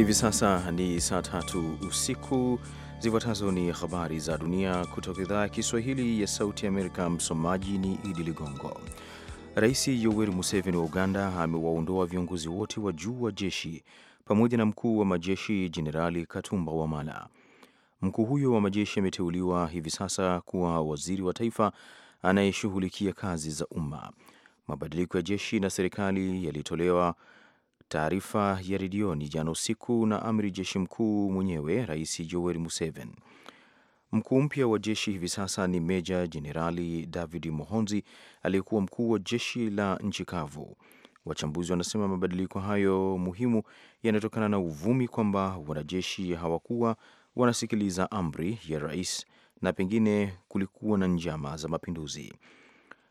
Hivi sasa ni saa tatu usiku. Zifuatazo ni habari za dunia kutoka idhaa ya Kiswahili ya Sauti Amerika. Msomaji ni Idi Ligongo. Rais Yoweri Museveni wa Uganda amewaondoa viongozi wote wa juu wa jeshi pamoja na mkuu wa majeshi Jenerali Katumba Wamala. Mkuu huyo wa majeshi ameteuliwa hivi sasa kuwa waziri wa taifa anayeshughulikia kazi za umma, mabadiliko ya jeshi na serikali yalitolewa taarifa ya redioni jana usiku na amri jeshi mkuu mwenyewe Rais Yoweri Museveni. Mkuu mpya wa jeshi hivi sasa ni Meja Jenerali David Mohonzi aliyekuwa mkuu wa jeshi la nchi kavu. Wachambuzi wanasema mabadiliko hayo muhimu yanatokana na uvumi kwamba wanajeshi hawakuwa wanasikiliza amri ya rais na pengine kulikuwa na njama za mapinduzi.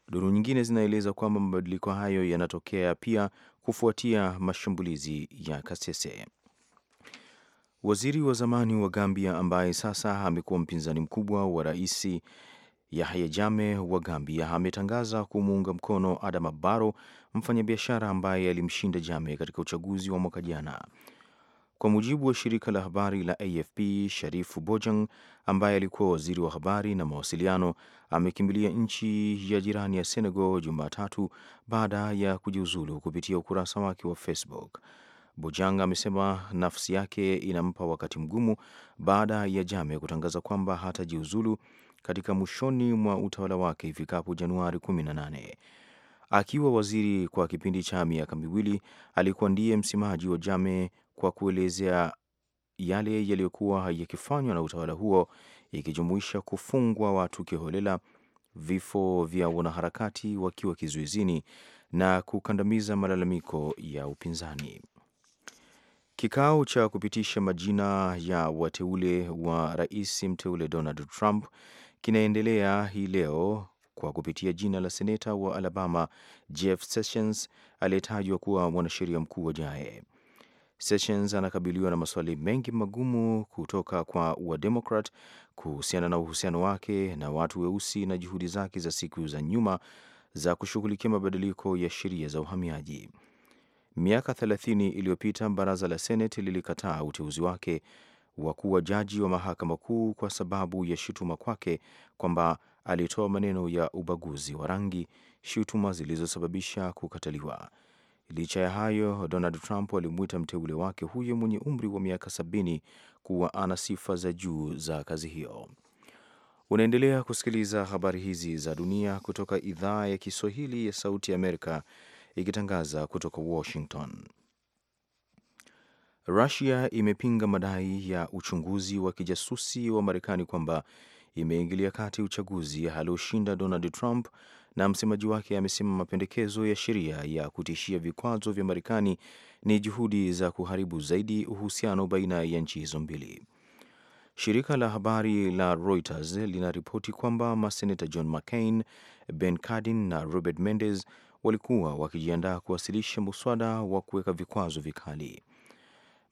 Duru nyingine zinaeleza kwamba mabadiliko hayo yanatokea pia kufuatia mashambulizi ya Kasese. Waziri wa zamani wa Gambia ambaye sasa amekuwa mpinzani mkubwa wa rais Yahya Jame wa Gambia ametangaza kumuunga mkono Adama Barrow, mfanyabiashara ambaye alimshinda Jame katika uchaguzi wa mwaka jana. Kwa mujibu wa shirika la habari la AFP, Sharifu Bojang ambaye alikuwa waziri wa habari na mawasiliano amekimbilia nchi ya jirani ya Senegal Jumatatu baada ya kujiuzulu kupitia ukurasa wake wa Facebook. Bojang amesema nafsi yake inampa wakati mgumu baada ya Jame kutangaza kwamba hatajiuzulu katika mwishoni mwa utawala wake ifikapo Januari 18. Akiwa waziri kwa kipindi cha miaka miwili, alikuwa ndiye msemaji wa Jame kwa kuelezea yale yaliyokuwa yakifanywa na utawala huo ikijumuisha kufungwa watu kiholela, vifo vya wanaharakati wakiwa kizuizini na kukandamiza malalamiko ya upinzani. Kikao cha kupitisha majina ya wateule wa rais mteule Donald Trump kinaendelea hii leo kwa kupitia jina la seneta wa Alabama Jeff Sessions aliyetajwa kuwa mwanasheria mkuu wajae Sessions anakabiliwa na maswali mengi magumu kutoka kwa Wademokrat kuhusiana na uhusiano wake na watu weusi na juhudi zake za siku za nyuma za kushughulikia mabadiliko ya sheria za uhamiaji. Miaka 30 iliyopita baraza la Seneti lilikataa uteuzi wake wa kuwa jaji wa mahakama kuu kwa sababu ya shutuma kwake kwamba alitoa maneno ya ubaguzi wa rangi, shutuma zilizosababisha kukataliwa. Licha ya hayo, Donald Trump alimwita mteule wake huyo mwenye umri wa miaka sabini kuwa ana sifa za juu za kazi hiyo. Unaendelea kusikiliza habari hizi za dunia kutoka idhaa ya Kiswahili ya Sauti ya Amerika ikitangaza kutoka Washington. Rusia imepinga madai ya uchunguzi wa kijasusi wa Marekani kwamba imeingilia kati uchaguzi alioshinda Donald Trump na msemaji wake amesema mapendekezo ya sheria ya kutishia vikwazo vya Marekani ni juhudi za kuharibu zaidi uhusiano baina ya nchi hizo mbili. Shirika la habari la Reuters linaripoti kwamba maseneta John McCain, Ben Cardin na Robert Mendez walikuwa wakijiandaa kuwasilisha muswada wa kuweka vikwazo vikali.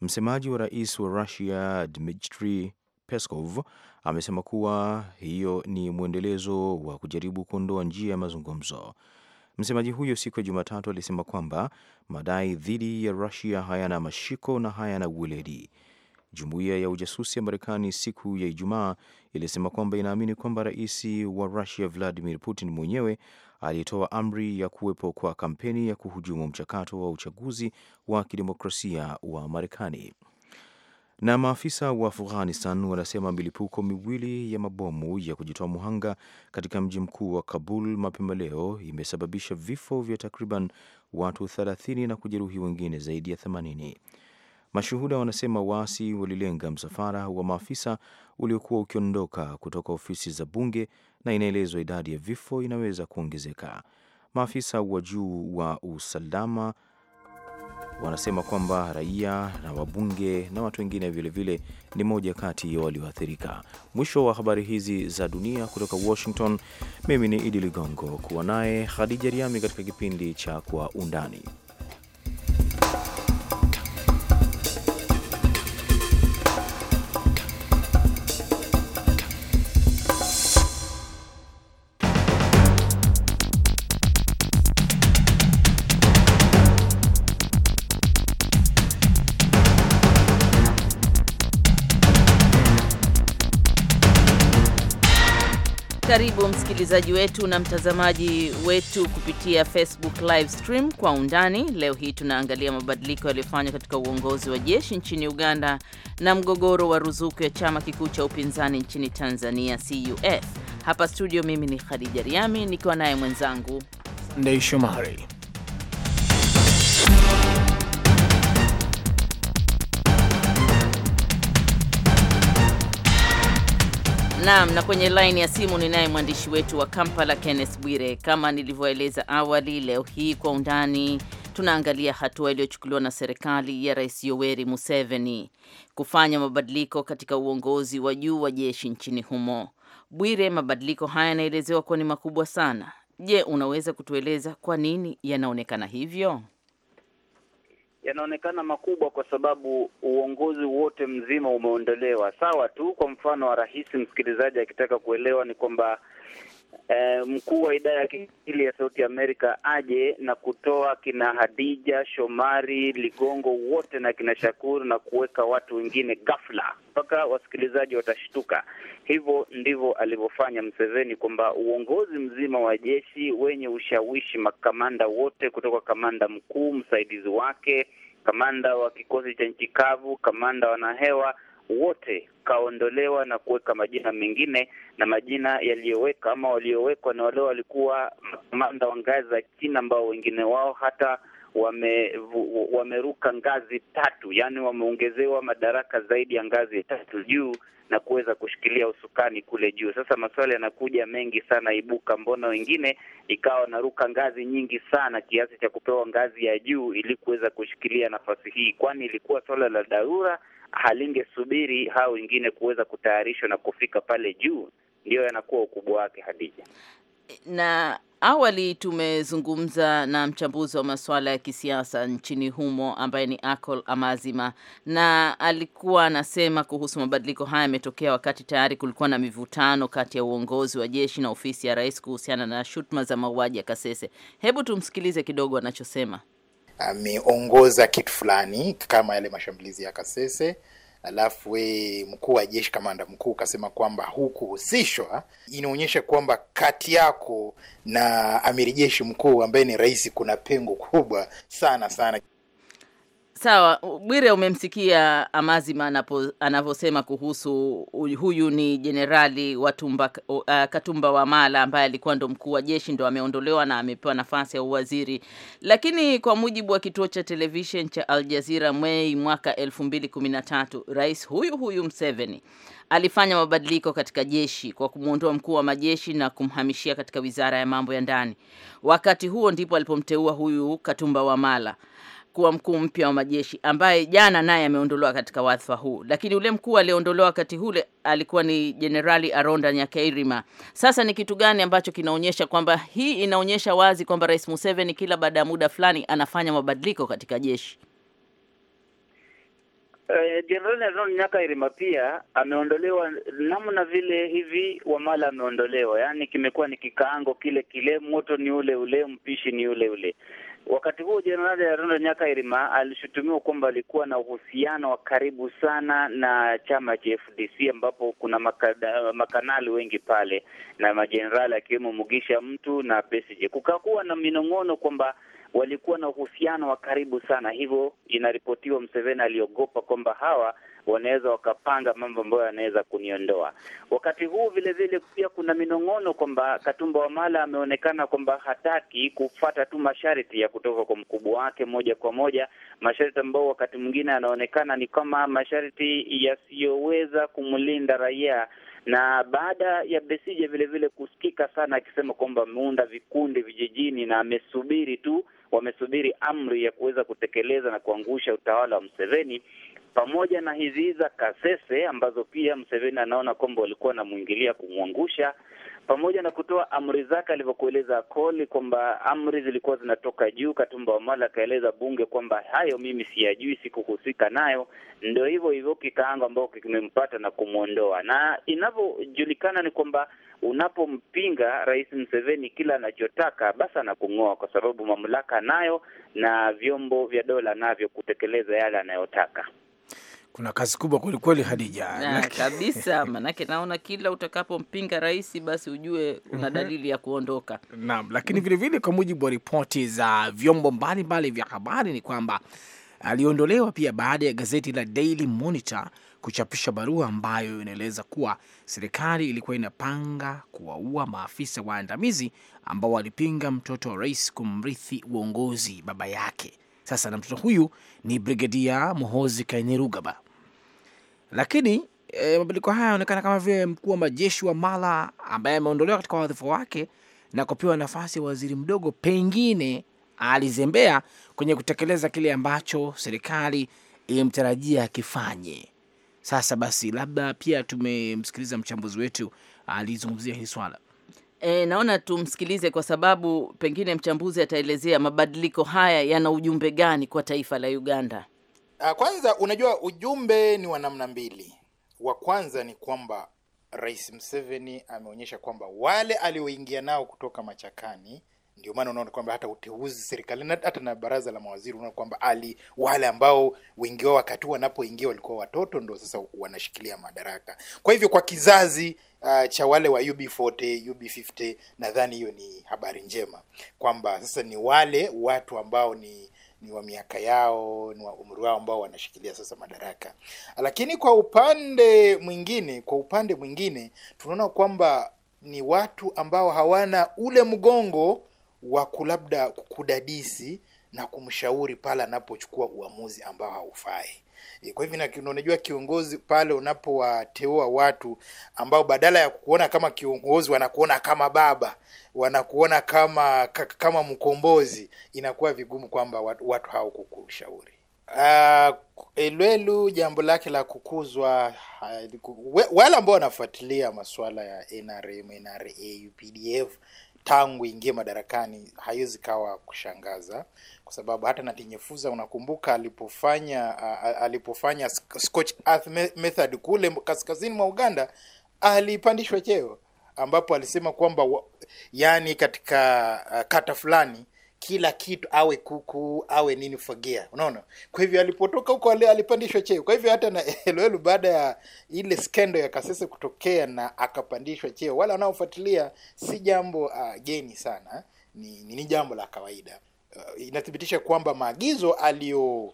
Msemaji wa rais wa Russia Dmitri Peskov amesema kuwa hiyo ni mwendelezo wa kujaribu kuondoa njia ya mazungumzo. Msemaji huyo siku ya Jumatatu alisema kwamba madai dhidi ya Rusia hayana mashiko na hayana uweledi. Jumuiya ya ujasusi ya Marekani siku ya Ijumaa ilisema kwamba inaamini kwamba rais wa Rusia Vladimir Putin mwenyewe alitoa amri ya kuwepo kwa kampeni ya kuhujumu mchakato wa uchaguzi wa kidemokrasia wa Marekani. Na maafisa wa Afghanistan wanasema milipuko miwili ya mabomu ya kujitoa muhanga katika mji mkuu wa Kabul mapema leo imesababisha vifo vya takriban watu 30 na kujeruhi wengine zaidi ya 80. Mashuhuda wanasema waasi walilenga msafara wa maafisa uliokuwa ukiondoka kutoka ofisi za bunge na inaelezwa idadi ya vifo inaweza kuongezeka. Maafisa wa juu wa usalama wanasema kwamba raia na wabunge na watu wengine vilevile ni moja kati ya walioathirika. Mwisho wa habari hizi za dunia kutoka Washington, mimi ni Idi Ligongo, kuwa naye Khadija Riami katika kipindi cha Kwa Undani. Karibu msikilizaji wetu na mtazamaji wetu kupitia Facebook live stream kwa undani. Leo hii tunaangalia mabadiliko yaliyofanywa katika uongozi wa jeshi nchini Uganda na mgogoro wa ruzuku ya chama kikuu cha upinzani nchini Tanzania CUF. Hapa studio, mimi ni Khadija Riami nikiwa naye mwenzangu Ndei shumari Naam, na kwenye laini ya simu ninaye mwandishi wetu wa Kampala Kenneth Bwire. Kama nilivyoeleza awali, leo hii kwa undani tunaangalia hatua iliyochukuliwa na serikali ya Rais Yoweri Museveni kufanya mabadiliko katika uongozi wa juu wa jeshi nchini humo. Bwire, mabadiliko haya yanaelezewa kuwa ni makubwa sana. Je, unaweza kutueleza kwa nini yanaonekana hivyo? yanaonekana makubwa kwa sababu uongozi wote mzima umeondolewa. Sawa tu, kwa mfano wa rahisi msikilizaji akitaka kuelewa ni kwamba eh, mkuu wa idara ya Kiswahili ya Sauti Amerika aje na kutoa kina Hadija Shomari Ligongo wote na kina Shakuru na kuweka watu wengine ghafla, mpaka wasikilizaji watashtuka. Hivyo ndivyo alivyofanya Mseveni, kwamba uongozi mzima wa jeshi wenye ushawishi, makamanda wote kutoka kamanda mkuu, msaidizi wake, kamanda wa kikosi cha nchi kavu, kamanda wanahewa wote kaondolewa na kuweka majina mengine, na majina yaliyoweka ama waliowekwa na wale walikuwa makamanda wa ngazi za chini, ambao wengine wao hata wame, wameruka ngazi tatu, yaani wameongezewa madaraka zaidi ya ngazi tatu juu na kuweza kushikilia usukani kule juu. Sasa maswali yanakuja mengi sana ibuka, mbona wengine ikawa wanaruka ngazi nyingi sana kiasi cha kupewa ngazi ya juu ili kuweza kushikilia nafasi hii? Kwani ilikuwa swala la dharura halingesubiri hao wengine kuweza kutayarishwa na kufika pale juu, ndiyo yanakuwa ukubwa wake. Hadija, na awali tumezungumza na mchambuzi wa masuala ya kisiasa nchini humo ambaye ni Akol Amazima, na alikuwa anasema kuhusu mabadiliko haya yametokea wakati tayari kulikuwa na mivutano kati ya uongozi wa jeshi na ofisi ya rais kuhusiana na shutuma za mauaji ya Kasese. Hebu tumsikilize kidogo anachosema ameongoza kitu fulani kama yale mashambulizi ya Kasese, alafu we mkuu wa jeshi kamanda mkuu kasema kwamba hukuhusishwa, inaonyesha kwamba kati yako na amiri jeshi mkuu ambaye ni rais kuna pengo kubwa sana sana. Sawa, Bwire, umemsikia Amazima anavyosema kuhusu huyu ni jenerali Watumba, uh, Katumba Wamala ambaye alikuwa ndo mkuu wa jeshi, ndo ameondolewa na amepewa nafasi ya uwaziri. Lakini kwa mujibu wa kituo cha televishen cha Al Jazeera, Mei mwaka tatu rais huyu huyu Mseveni alifanya mabadiliko katika jeshi kwa kumwondoa mkuu wa majeshi na kumhamishia katika wizara ya mambo ya ndani. Wakati huo ndipo alipomteua huyu Katumba Wamala kuwa mkuu mpya wa majeshi ambaye jana naye ameondolewa katika wadhifa huu, lakini ule mkuu aliondolewa wakati hule alikuwa ni Jenerali Aronda Nyakairima. Sasa ni kitu gani ambacho kinaonyesha kwamba hii inaonyesha wazi kwamba Rais Museveni kila baada ya muda fulani anafanya mabadiliko katika jeshi? Eh, Jenerali uh, Aron Nyakairima pia ameondolewa namna vile hivi Wamala ameondolewa, yaani kimekuwa ni kikaango kile kile, moto ni ule ule, mpishi ni ule ule. Wakati huo Jenerali nyaka Nyakairima alishutumiwa kwamba alikuwa na uhusiano wa karibu sana na chama cha FDC, ambapo kuna makada, makanali wengi pale na majenerali akiwemo Mugisha mtu na Besigye. Kukakuwa na minong'ono kwamba walikuwa na uhusiano wa karibu sana, hivyo inaripotiwa mseveni aliogopa kwamba hawa wanaweza wakapanga mambo ambayo yanaweza kuniondoa. Wakati huu vile vile pia kuna minong'ono kwamba Katumba Wamala ameonekana kwamba hataki kufata tu masharti ya kutoka kwa mkubwa wake moja kwa moja, masharti ambayo wakati mwingine yanaonekana ni kama masharti yasiyoweza kumlinda raia na baada ya Besije vile vile kusikika sana akisema kwamba ameunda vikundi vijijini na amesubiri tu, wamesubiri amri ya kuweza kutekeleza na kuangusha utawala wa Mseveni pamoja na hizi za Kasese ambazo pia Mseveni anaona kwamba walikuwa wanamwingilia kumwangusha, pamoja na kutoa amri zake alivyokueleza Koli kwamba amri zilikuwa zinatoka juu. Katumba Wamala akaeleza bunge kwamba hayo mimi siyajui, sikuhusika nayo. Ndio hivyo hivyo kikaango ambao kimempata na kumwondoa, na inavyojulikana ni kwamba unapompinga Rais Mseveni kila anachotaka basi anakung'oa, kwa sababu mamlaka nayo na vyombo vya dola navyo kutekeleza yale anayotaka. Kuna kazi kubwa kwelikweli, Hadija. Na, kabisa manake naona kila utakapompinga rais basi ujue una mhm. dalili ya kuondoka. Naam, lakini vilevile kwa mujibu wa ripoti za vyombo mbalimbali vya habari ni kwamba aliondolewa pia baada ya gazeti la Daily Monitor kuchapisha barua ambayo inaeleza kuwa serikali ilikuwa inapanga kuwaua maafisa waandamizi ambao walipinga mtoto wa rais kumrithi uongozi baba yake. Sasa na mtoto huyu ni Brigedia Mohozi Kainerugaba. Lakini e, mabadiliko haya yanaonekana kama vile mkuu wa majeshi wa Mala ambaye ameondolewa katika wadhifa wake na kupewa nafasi ya waziri mdogo, pengine alizembea kwenye kutekeleza kile ambacho serikali ilimtarajia akifanye. Sasa basi, labda pia tumemsikiliza mchambuzi wetu alizungumzia hili swala. E, naona tumsikilize kwa sababu pengine mchambuzi ataelezea mabadiliko haya yana ujumbe gani kwa taifa la Uganda. Ah, kwanza unajua ujumbe ni wa namna mbili. Wa kwanza ni kwamba Rais mseveni ameonyesha kwamba wale alioingia nao kutoka machakani, ndio maana unaona kwamba hata uteuzi serikalini hata na baraza la mawaziri unaona kwamba ali wale ambao wengi wao wakati wanapoingia walikuwa watoto, ndio sasa wanashikilia madaraka. Kwa hivyo kwa kizazi uh, cha wale wa UB40, UB50, nadhani hiyo ni habari njema kwamba sasa ni wale watu ambao ni ni wa miaka yao, ni wa umri wao ambao wanashikilia sasa madaraka. Lakini kwa upande mwingine, kwa upande mwingine tunaona kwamba ni watu ambao hawana ule mgongo wa kulabda kudadisi na kumshauri pale anapochukua uamuzi ambao haufai. Kwa hivyo unajua, kiongozi pale unapowateua watu ambao badala ya kukuona kama kiongozi wanakuona kama baba, wanakuona kama kama mkombozi, inakuwa vigumu kwamba watu hao kukushauri. Uh, Elwelu jambo lake la kukuzwa uh, wale ambao wanafuatilia masuala ya NRM, NRA, UPDF tangu ingie madarakani haiwezi kawa kushangaza kwa sababu hata Natinyefuza unakumbuka alipofanya alipofanya scotch Earth Method kule kaskazini mwa Uganda alipandishwa cheo ambapo alisema kwamba yani katika kata fulani kila kitu, awe kuku awe nini, fagia, unaona. Kwa hivyo alipotoka huko alipandishwa cheo. Kwa hivyo hata na Helwelu baada ya ile skendo ya Kasese kutokea na akapandishwa cheo, wale wanaofuatilia, si jambo uh, geni sana, ni, ni jambo la kawaida uh, inathibitisha kwamba maagizo alio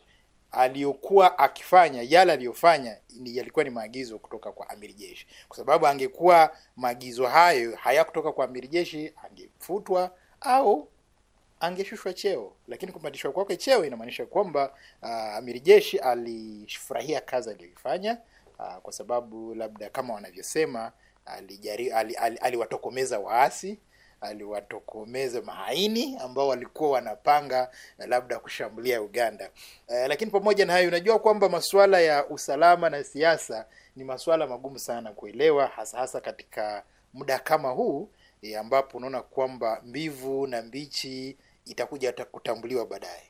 aliyokuwa akifanya yale aliyofanya ni yalikuwa ni maagizo kutoka kwa amiri jeshi, kwa sababu angekuwa maagizo hayo hayakutoka kwa amiri jeshi angefutwa au angeshushwa cheo, lakini kupandishwa kwake cheo inamaanisha kwamba uh, amiri jeshi alifurahia kazi aliyoifanya, uh, kwa sababu labda kama wanavyosema aliwatokomeza ali, ali, aliwatokomeza waasi aliwatokomeza mahaini ambao walikuwa wanapanga eh, labda kushambulia Uganda. E, lakini pamoja na hayo, unajua kwamba masuala ya usalama na siasa ni masuala magumu sana kuelewa, hasa hasa katika muda kama huu e, ambapo unaona kwamba mbivu na mbichi itakuja kutambuliwa baadaye.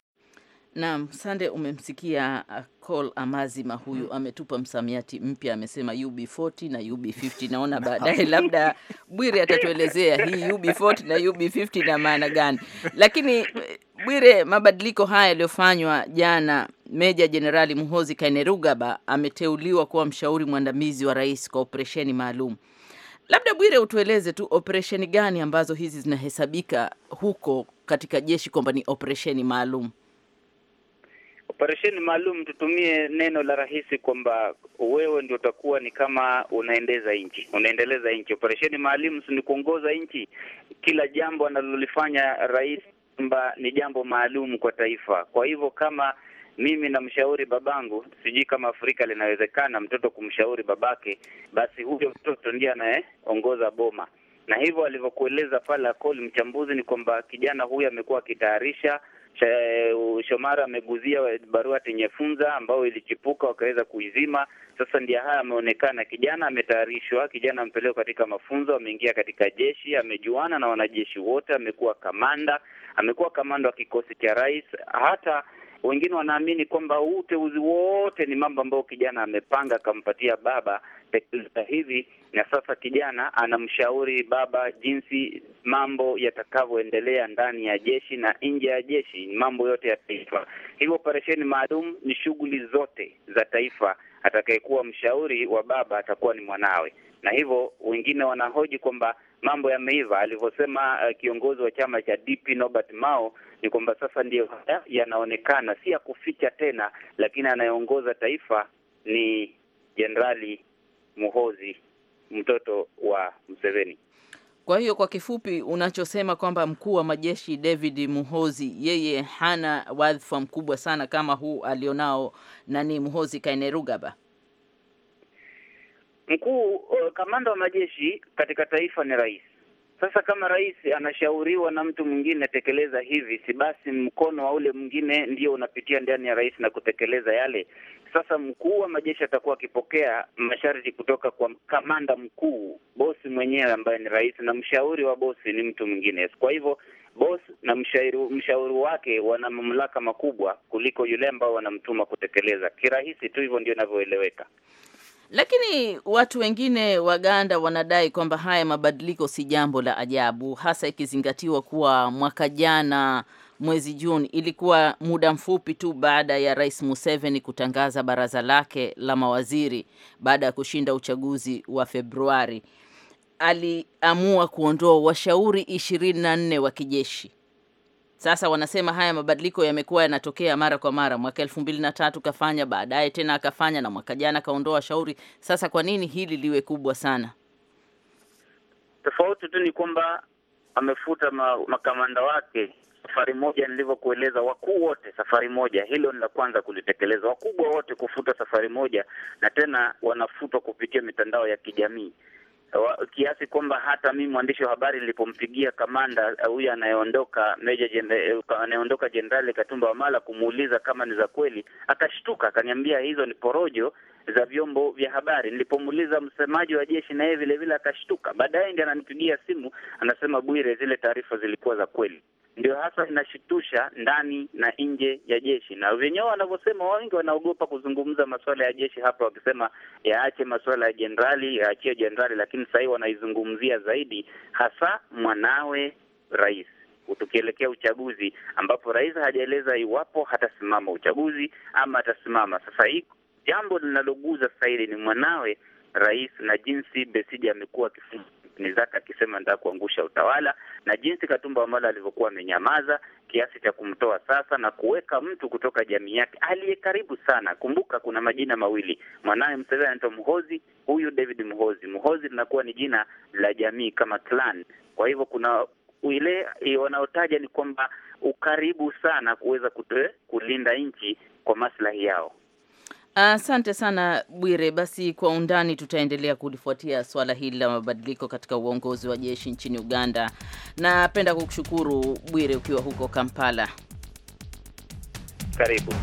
Naam, Sande, umemsikia uh, Col Amazima huyu hmm, ametupa msamiati mpya, amesema UB40 na UB50. Naona baadaye labda Bwire atatuelezea hii UB40 na UB50 na maana gani, lakini eh, Bwire, mabadiliko haya yaliyofanywa jana, Meja Jenerali Muhozi Kainerugaba ameteuliwa kuwa mshauri mwandamizi wa rais kwa operesheni maalum. Labda Bwire, utueleze tu operesheni gani ambazo hizi zinahesabika huko katika jeshi kwamba ni operesheni maalum? Operesheni maalum, tutumie neno la rahisi kwamba wewe ndio utakuwa ni kama unaendeza nchi, unaendeleza nchi. Operesheni maalum ni kuongoza nchi, kila jambo analolifanya rais kwamba ni jambo maalum kwa taifa. Kwa hivyo kama mimi namshauri babangu, sijui kama Afrika linawezekana mtoto kumshauri babake, basi huyo mtoto ndiye anayeongoza boma. Na hivyo alivyokueleza pale Akoli mchambuzi, ni kwamba kijana huyu amekuwa akitayarisha Shomara ameguzia barua tenyefunza ambayo ilichipuka wakaweza kuizima. Sasa ndio haya ameonekana, kijana ametayarishwa, kijana amepelekwa katika mafunzo, ameingia katika jeshi, amejuana na wanajeshi wote, amekuwa kamanda, amekuwa kamanda wa kikosi cha rais. Hata wengine wanaamini kwamba huu uteuzi wote ni mambo ambayo kijana amepanga akampatia baba pekeza hivi, na sasa kijana anamshauri baba jinsi mambo yatakavyoendelea ndani ya jeshi na nje ya jeshi, mambo yote ya taifa. Hivyo operesheni maalum ni shughuli zote za taifa. Atakayekuwa mshauri wa baba atakuwa ni mwanawe, na hivyo wengine wanahoji kwamba mambo yameiva alivyosema, uh, kiongozi wa chama cha DP Mao ni kwamba sasa ndiyo haya yanaonekana, si ya kuficha tena, lakini anayeongoza taifa ni Jenerali Muhozi, mtoto wa mseveni Kwa hiyo kwa kifupi, unachosema kwamba mkuu wa majeshi David Muhozi yeye hana wadhifa mkubwa sana kama huu alionao nani Muhozi Kainerugaba. Mkuu eh, kamanda wa majeshi katika taifa ni rais sasa kama rais anashauriwa na mtu mwingine tekeleza hivi, si basi mkono wa ule mwingine ndio unapitia ndani ya rais na kutekeleza yale. Sasa mkuu wa majeshi atakuwa akipokea masharti kutoka kwa kamanda mkuu, bosi mwenyewe ambaye ni rais, na mshauri wa bosi ni mtu mwingine. Kwa hivyo bosi na mshauri, mshauri wake wana mamlaka makubwa kuliko yule ambao wanamtuma kutekeleza. Kirahisi tu hivyo ndio inavyoeleweka. Lakini watu wengine Waganda wanadai kwamba haya mabadiliko si jambo la ajabu, hasa ikizingatiwa kuwa mwaka jana mwezi Juni ilikuwa muda mfupi tu baada ya Rais Museveni kutangaza baraza lake la mawaziri baada ya kushinda uchaguzi wa Februari. Aliamua kuondoa washauri ishirini na nne wa kijeshi sasa wanasema haya mabadiliko yamekuwa yanatokea mara kwa mara, mwaka elfu mbili na tatu kafanya, baadaye tena akafanya, na mwaka jana akaondoa shauri. Sasa kwa nini hili liwe kubwa sana? Tofauti tu ni kwamba amefuta ma, makamanda wake safari moja, nilivyokueleza, wakuu wote safari moja. Hilo ni la kwanza kulitekeleza, wakubwa wote kufuta safari moja, na tena wanafutwa kupitia mitandao ya kijamii kiasi kwamba hata mimi mwandishi wa habari nilipompigia kamanda uh, huyu anayeondoka meja uh, anayeondoka Jenerali Katumba Wamala kumuuliza kama ni za kweli, akashtuka akaniambia hizo ni porojo za vyombo vya habari. Nilipomuuliza msemaji wa jeshi, na yeye vile vile akashtuka. Baadaye ndiye ananipigia simu anasema, Bwire, zile taarifa zilikuwa za kweli ndio hasa inashitusha ndani na nje ya jeshi, na wenyewe wanavyosema, wengi wanaogopa kuzungumza masuala ya jeshi hapa, wakisema yaache masuala ya jenerali, yaachie jenerali, lakini sahii hii wanaizungumzia zaidi hasa mwanawe rais tukielekea uchaguzi ambapo rais hajaeleza iwapo hatasimama uchaguzi ama atasimama. Sasa hii jambo linaloguza sasa hili ni mwanawe rais na jinsi Besije amekuwa akifunga Nizaka akisema nda kuangusha utawala na jinsi Katumba Wamala alivyokuwa amenyamaza kiasi cha kumtoa sasa na kuweka mtu kutoka jamii yake aliye karibu sana. Kumbuka kuna majina mawili, mwanaye Mseveni anaitwa Muhozi, huyu David Muhozi. Muhozi linakuwa ni jina la jamii kama clan, kwa hivyo kuna ile wanaotaja ni kwamba ukaribu sana kuweza kulinda nchi kwa maslahi yao. Asante sana Bwire. Basi kwa undani tutaendelea kulifuatia swala hili la mabadiliko katika uongozi wa jeshi nchini Uganda. Napenda kukushukuru Bwire ukiwa huko Kampala. Karibu.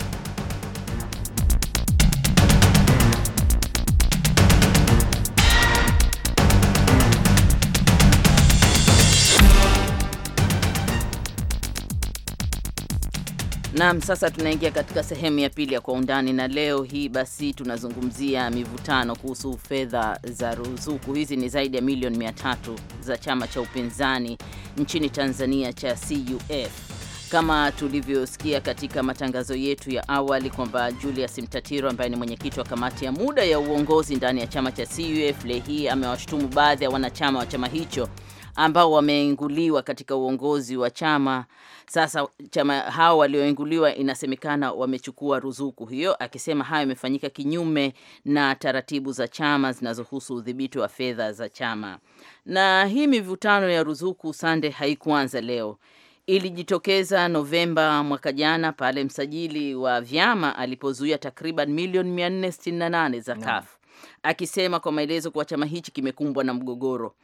Naam, sasa tunaingia katika sehemu ya pili ya kwa undani, na leo hii basi tunazungumzia mivutano kuhusu fedha za ruzuku. Hizi ni zaidi ya milioni mia tatu za chama cha upinzani nchini Tanzania cha CUF. Kama tulivyosikia katika matangazo yetu ya awali kwamba Julius Mtatiro ambaye ni mwenyekiti wa kamati ya muda ya uongozi ndani ya chama cha CUF leo hii amewashutumu baadhi ya wanachama wa chama hicho ambao wameinguliwa katika uongozi wa chama. Sasa chama hao walioinguliwa inasemekana wamechukua ruzuku hiyo, akisema hayo imefanyika kinyume na taratibu za chama zinazohusu udhibiti wa fedha za chama. Na hii mivutano ya ruzuku sande, haikuanza leo ilijitokeza Novemba mwaka jana pale msajili wa vyama alipozuia takriban milioni 468 za kafu akisema kwa maelezo kuwa chama hichi kimekumbwa na mgogoro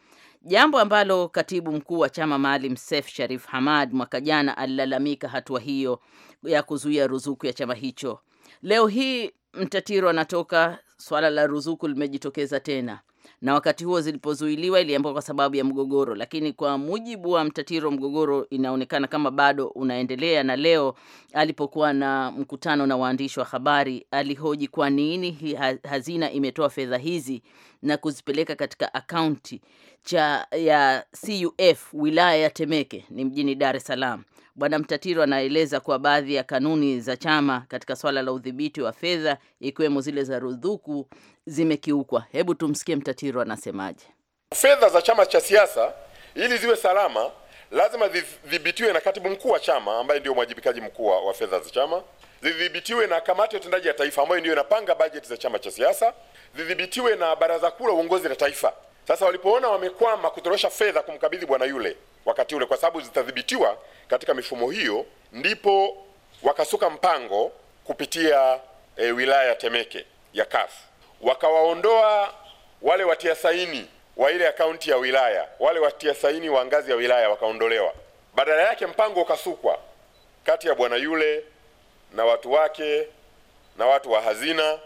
jambo ambalo katibu mkuu wa chama Maalim Seif Sharif Hamad mwaka jana alilalamika hatua hiyo ya kuzuia ruzuku ya chama hicho. Leo hii mtatiro anatoka, swala la ruzuku limejitokeza tena na wakati huo zilipozuiliwa iliambiwa kwa sababu ya mgogoro, lakini kwa mujibu wa mtatiro, mgogoro inaonekana kama bado unaendelea, na leo alipokuwa na mkutano na waandishi wa habari alihoji kwa nini hazina imetoa fedha hizi na kuzipeleka katika akaunti cha ya CUF wilaya ya Temeke ni mjini Dar es Salaam. Bwana Mtatiro anaeleza kuwa baadhi ya kanuni za chama katika swala la udhibiti wa fedha ikiwemo zile za ruzuku zimekiukwa. Hebu tumsikie Mtatiro anasemaje. Fedha za chama cha siasa ili ziwe salama lazima zidhibitiwe na katibu mkuu wa chama ambaye ndio mwajibikaji mkuu wa fedha za chama, zidhibitiwe na kamati ya utendaji ya taifa ambayo ndio inapanga bajeti za chama cha siasa, zidhibitiwe na baraza kuu la uongozi la taifa. Sasa walipoona wamekwama kutorosha fedha kumkabidhi bwana yule wakati ule, kwa sababu zitadhibitiwa katika mifumo hiyo, ndipo wakasuka mpango kupitia e, wilaya ya Temeke ya CUF wakawaondoa wale watia saini wa ile akaunti ya wilaya, wale watia saini wa ngazi ya wilaya wakaondolewa. Badala yake mpango ukasukwa kati ya bwana yule na watu wake na watu wa hazina.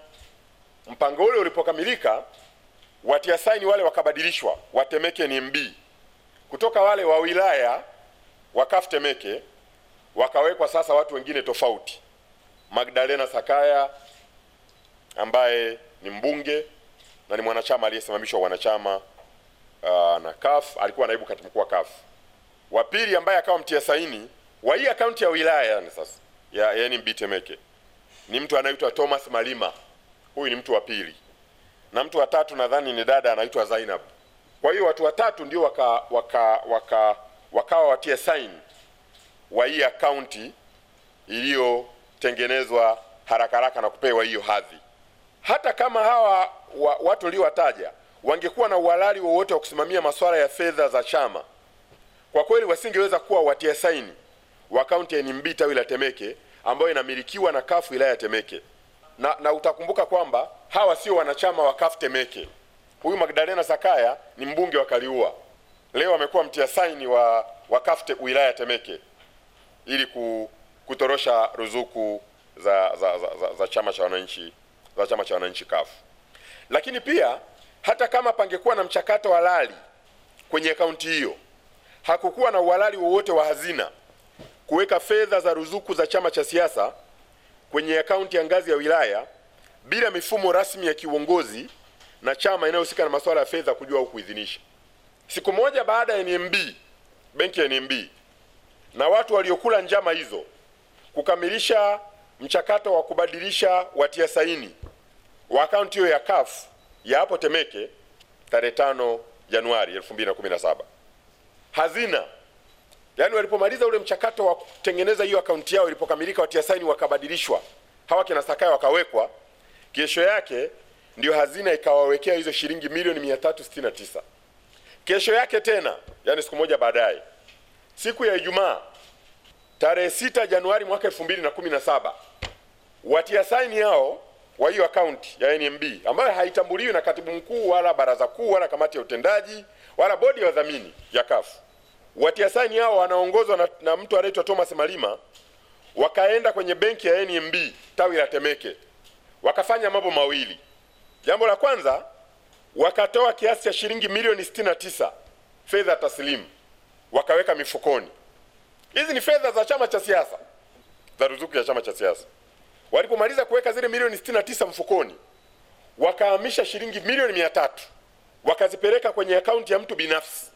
Mpango ule ulipokamilika, watia saini wale wakabadilishwa watemeke ni mb kutoka wale wa wilaya wakaf Temeke wakawekwa sasa watu wengine tofauti, Magdalena Sakaya ambaye ni mbunge na ni mwanachama aliyesimamishwa wanachama uh, na CAF, alikuwa naibu katibu mkuu wa CAF. Wa pili ambaye akawa mtia saini wa hii akaunti ya wilaya yani sasa ya yani MB ni mtu anaitwa Thomas Malima, huyu ni mtu wa pili, na mtu wa tatu nadhani ni dada anaitwa Zainab. Kwa hiyo watu watatu ndio waka, waka, waka wakawa watia saini wa hii akaunti iliyotengenezwa haraka haraka na kupewa hiyo hadhi. Hata kama hawa wa, watu uliowataja wangekuwa na uhalali wowote wa kusimamia masuala ya fedha za chama, kwa kweli wasingeweza kuwa watia saini wa akaunti ya NMB tawi la Temeke ambayo inamilikiwa na kafu wilaya ya Temeke na, na utakumbuka kwamba hawa sio wanachama wa kafu Temeke. Huyu Magdalena Sakaya ni mbunge wa Kaliua leo amekuwa mtia saini wa wakafte wilaya Temeke ili kutorosha ruzuku za, za, za, za, za chama cha wananchi za chama cha wananchi kafu. Lakini pia hata kama pangekuwa na mchakato halali kwenye akaunti hiyo, hakukuwa na uhalali wowote wa hazina kuweka fedha za ruzuku za chama cha siasa kwenye akaunti ya ngazi ya wilaya bila mifumo rasmi ya kiuongozi na chama inayohusika na masuala ya fedha kujua au kuidhinisha. Siku moja baada ya NMB, benki ya NMB na watu waliokula njama hizo kukamilisha mchakato wa kubadilisha watia saini wa akaunti hiyo ya CAF ya hapo Temeke tarehe 5 Januari 2017. Hazina yani, walipomaliza ule mchakato wa kutengeneza hiyo akaunti yao, ilipokamilika, watia saini wakabadilishwa, hawa kina Sakaya wakawekwa. Kesho yake ndio hazina ikawawekea hizo shilingi milioni 369. Kesho yake tena, yani siku moja baadaye, siku ya Ijumaa tarehe 6 Januari mwaka 2017 watia saini yao wa hiyo akaunti ya NMB ambayo haitambuliwi na katibu mkuu wala baraza kuu wala kamati ya utendaji wala bodi ya wadhamini ya CAF. Watia saini hao wanaongozwa na, na mtu anaitwa Thomas Malima, wakaenda kwenye benki ya NMB tawi la Temeke, wakafanya mambo mawili. Jambo la kwanza wakatoa kiasi cha shilingi milioni 69 fedha taslimu wakaweka mifukoni. Hizi ni fedha za chama cha siasa, za ruzuku ya chama cha siasa. Walipomaliza kuweka zile milioni 69 mfukoni, wakahamisha shilingi milioni mia tatu wakazipeleka kwenye akaunti ya mtu binafsi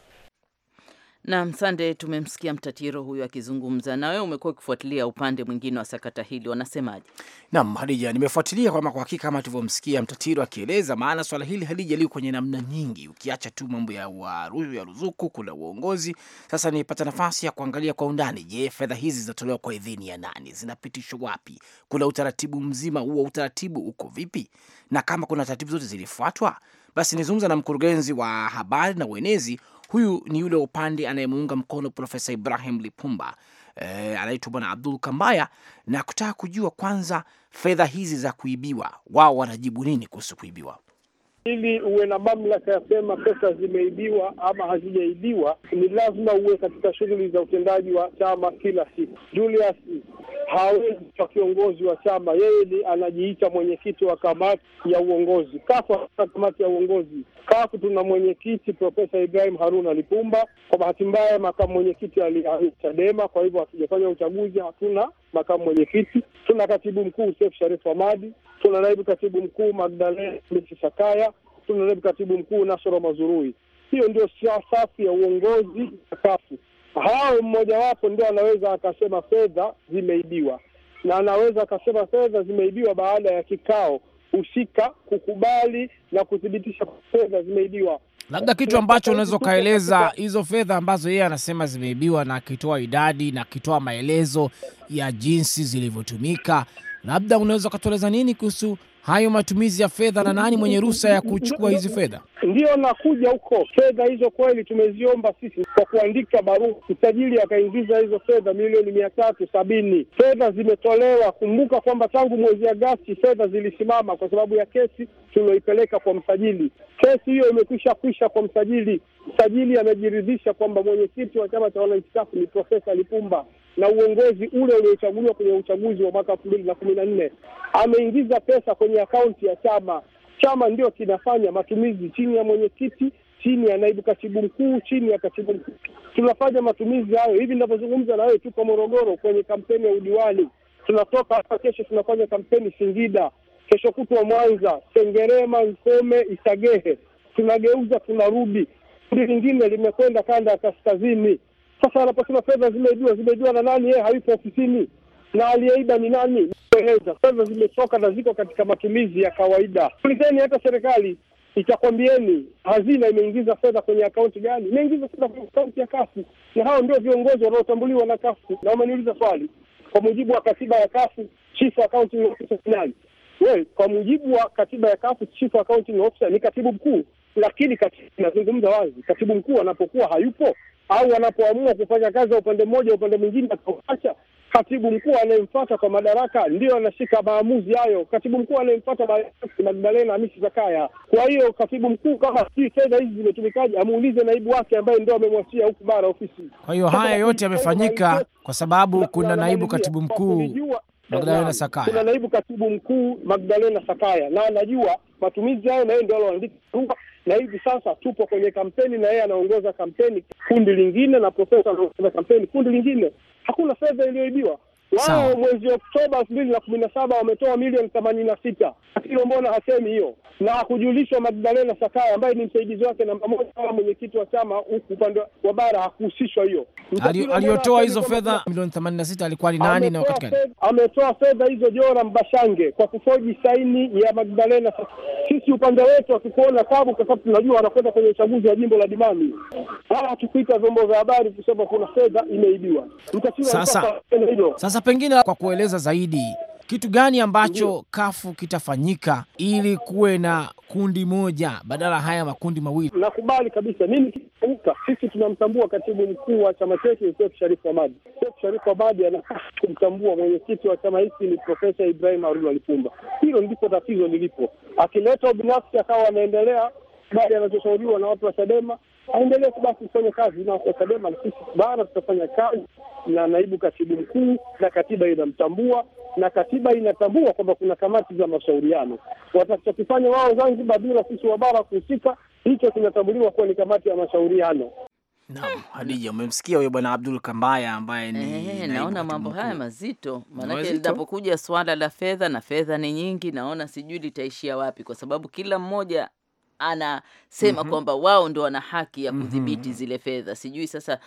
Naam, Sande, tumemsikia mtatiro huyu akizungumza. Na wewe umekuwa ukifuatilia upande mwingine wa sakata hili, wanasemaje? Naam, Hadija, nimefuatilia kwama, kwa hakika kama tulivyomsikia mtatiro akieleza, maana swala hili liko kwenye namna nyingi, ukiacha tu mambo ya waru, ya ruzuku, kuna uongozi. Sasa nipata nafasi ya kuangalia kwa undani, je, fedha hizi zinatolewa kwa idhini ya nani? Zinapitishwa wapi? Kuna utaratibu mzima huo, utaratibu uko vipi? Na kama kuna taratibu zote zilifuatwa basi nizungumza na mkurugenzi wa habari na uenezi, huyu ni yule upande anayemuunga mkono Profesa Ibrahim Lipumba e, anaitwa Bwana Abdul Kambaya, na kutaka kujua kwanza fedha hizi za kuibiwa, wao wanajibu nini kuhusu kuibiwa ili uwe na mamlaka ya kusema pesa zimeibiwa ama hazijaibiwa, ni lazima uwe katika shughuli za utendaji wa chama kila siku. Julius hawezi kwa kiongozi wa chama, yeye ni anajiita mwenyekiti wa kamati ya uongozi kafu. Kamati ya uongozi kafu tuna mwenyekiti Profesa Ibrahim Haruna Lipumba. Kwa bahati mbaya, makamu mwenyekiti alihamia Chadema, kwa hivyo hatujafanya uchaguzi, hatuna makamu mwenyekiti. Tuna katibu mkuu sefu Sharif amadi tuna naibu katibu mkuu Magdalena Lis Sakaya, tuna naibu katibu mkuu Nasoro Mazurui. Hiyo ndio safu ya uongozi ya Kafu. Hao mmojawapo ndio anaweza akasema fedha zimeibiwa, na anaweza akasema fedha zimeibiwa baada ya kikao husika kukubali na kuthibitisha fedha zimeibiwa. Labda kitu ambacho unaweza ukaeleza hizo fedha ambazo yeye anasema zimeibiwa, na akitoa idadi na akitoa maelezo ya jinsi zilivyotumika, Labda unaweza ukatueleza nini kuhusu hayo matumizi ya fedha na nani mwenye ruhusa ya kuchukua hizi fedha? Ndiyo, nakuja huko. Fedha hizo kweli tumeziomba sisi kwa kuandika barua, msajili akaingiza hizo fedha milioni mia tatu sabini. Fedha zimetolewa. Kumbuka kwamba tangu mwezi Agasti fedha zilisimama kwa sababu ya kesi tulioipeleka kwa msajili. Kesi hiyo imekwisha kwisha kwa msajili. Msajili amejiridhisha kwamba mwenyekiti wa chama cha safu ni Profesa Lipumba na uongozi ule uliochaguliwa kwenye uchaguzi wa mwaka elfu mbili na kumi na nne ameingiza pesa kwenye akaunti ya chama. Chama ndio kinafanya matumizi chini ya mwenyekiti, chini ya naibu katibu mkuu, chini ya katibu mkuu. Tunafanya matumizi hayo hivi ninavyozungumza na wewe, tuko Morogoro kwenye kampeni ya udiwani, tunatoka hapa kesho tunafanya kampeni Singida, kesho kutwa Mwanza, Sengerema, Nkome, Isagehe, tunageuza tunarudi. Kundi lingine limekwenda kanda ya kaskazini sasa anaposema fedha zimeibiwa, zimeibiwa na nani? Yeye hayupo ofisini, na aliyeiba ni nani? Eleza. Fedha zimetoka na ziko katika matumizi ya kawaida. Ulizeni hata serikali itakwambieni hazina imeingiza fedha kwenye akaunti gani? Imeingiza fedha kwenye akaunti ya kafu, na hao ndio viongozi wanaotambuliwa na kafu. Na umeniuliza swali, kwa mujibu wa katiba ya kafu chifu akaunti ni ofisa nani? Well, kwa mujibu wa katiba ya kafu akaunti ni ofisa ni katibu mkuu, lakini katiba inazungumza wazi, katibu mkuu anapokuwa hayupo au wanapoamua kufanya kazi ya upande mmoja upande mwingine akauacha, katibu mkuu anayemfata kwa madaraka ndiyo anashika maamuzi hayo. Katibu mkuu anayemfata Magdalena Hamisi Zakaya. Kwa hiyo katibu mkuu kama sijui fedha hizi zimetumikaje, amuulize naibu wake ambaye ndo amemwachia huku bara ofisi. Kwa hiyo haya yote yamefanyika kwa sababu kuna naibu katibu mkuu Magdalena Sakaya, kuna naibu katibu mkuu Magdalena Sakaya na anajua matumizi hayo, na yeye ndio aloandika na hivi sasa tupo kwenye kampeni na yeye anaongoza kampeni, kundi lingine na profesa anaongoza kampeni, kundi lingine. Hakuna fedha iliyoibiwa wao mwezi Oktoba elfu mbili na kumi na saba wametoa milioni themanini na sita Akilo mbona hasemi hiyo? Na hakujulishwa Magdalena Sakaya ambaye ni msaidizi wake namba moja kama mwenyekiti wa chama huku upande wa bara hakuhusishwa hiyo. Aliyotoa hizo fedha milioni themanini na sita alikuwa ni nani na wakati gani? Ametoa fedha hizo Jora Mbashange kwa kufoji saini ya Magdalena. Sisi upande wetu wakikuona tabu, kwa sababu tunajua wanakwenda kwenye uchaguzi wa jimbo la dimami wala ah, hatukuita vyombo vya habari kusema kuna fedha imeibiwa. Sasa, sasa sasa pengine kwa kueleza zaidi, kitu gani ambacho kafu kitafanyika ili kuwe na kundi moja badala haya makundi mawili? Nakubali kabisa mimi kiuka, sisi tunamtambua katibu mkuu wa chama chetu Seif Sharif Hamad. Seif Sharif Hamad anataka kumtambua mwenyekiti wa chama hiki ni Profesa Ibrahim Aruna Lipumba. Hilo ndipo tatizo lilipo, akileta ubinafsi akawa anaendelea bali anachoshauriwa na watu wa Chadema aendelee kubaki kufanya kazi na Chadema, na sisi bara tutafanya kazi na naibu katibu mkuu, na katiba inamtambua na katiba inatambua kwamba kuna kamati za mashauriano. watachokifanya wao Zanzibar bila sisi wa bara kuhusika, hicho kinatambuliwa kuwa ni kamati ya mashauriano. Naam, Hadija, umemsikia huyo bwana Abdul Kambaya ambaye ni eh, naona mambo haya mazito, maanake linapokuja swala la fedha na fedha ni nyingi, naona sijui litaishia wapi, kwa sababu kila mmoja anasema mm -hmm. kwamba wao ndo wana haki ya mm-hmm. kudhibiti mm -hmm. zile fedha. Sijui sasa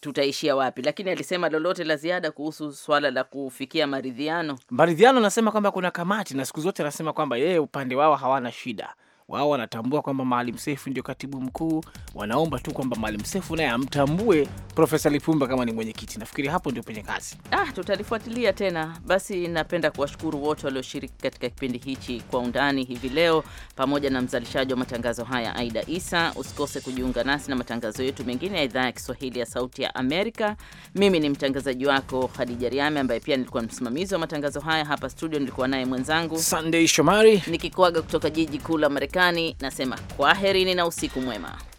tutaishia wapi, lakini alisema lolote la ziada kuhusu swala la kufikia maridhiano. Maridhiano anasema kwamba kuna kamati, na siku zote anasema kwamba yeye upande wao hawana shida wao wanatambua kwamba Maalim Seif ndio katibu mkuu, wanaomba tu kwamba Maalim Seif naye amtambue Profesa Lipumba kama ni mwenyekiti. Nafikiri hapo ndio penye kazi. Ah, tutalifuatilia tena. Basi napenda kuwashukuru wote walioshiriki katika kipindi hichi kwa undani hivi leo, pamoja na mzalishaji wa matangazo haya Aida Isa. Usikose kujiunga nasi na matangazo yetu mengine ya idhaa ya Kiswahili ya Sauti ya Amerika. Mimi ni mtangazaji wako hadija Riame, ambaye pia nilikuwa msimamizi wa matangazo haya hapa studio. Nilikuwa naye mwenzangu Sunday Shomari nikikuaga kutoka jiji kuu la Marekani. Marekani nasema kwaherini na usiku mwema.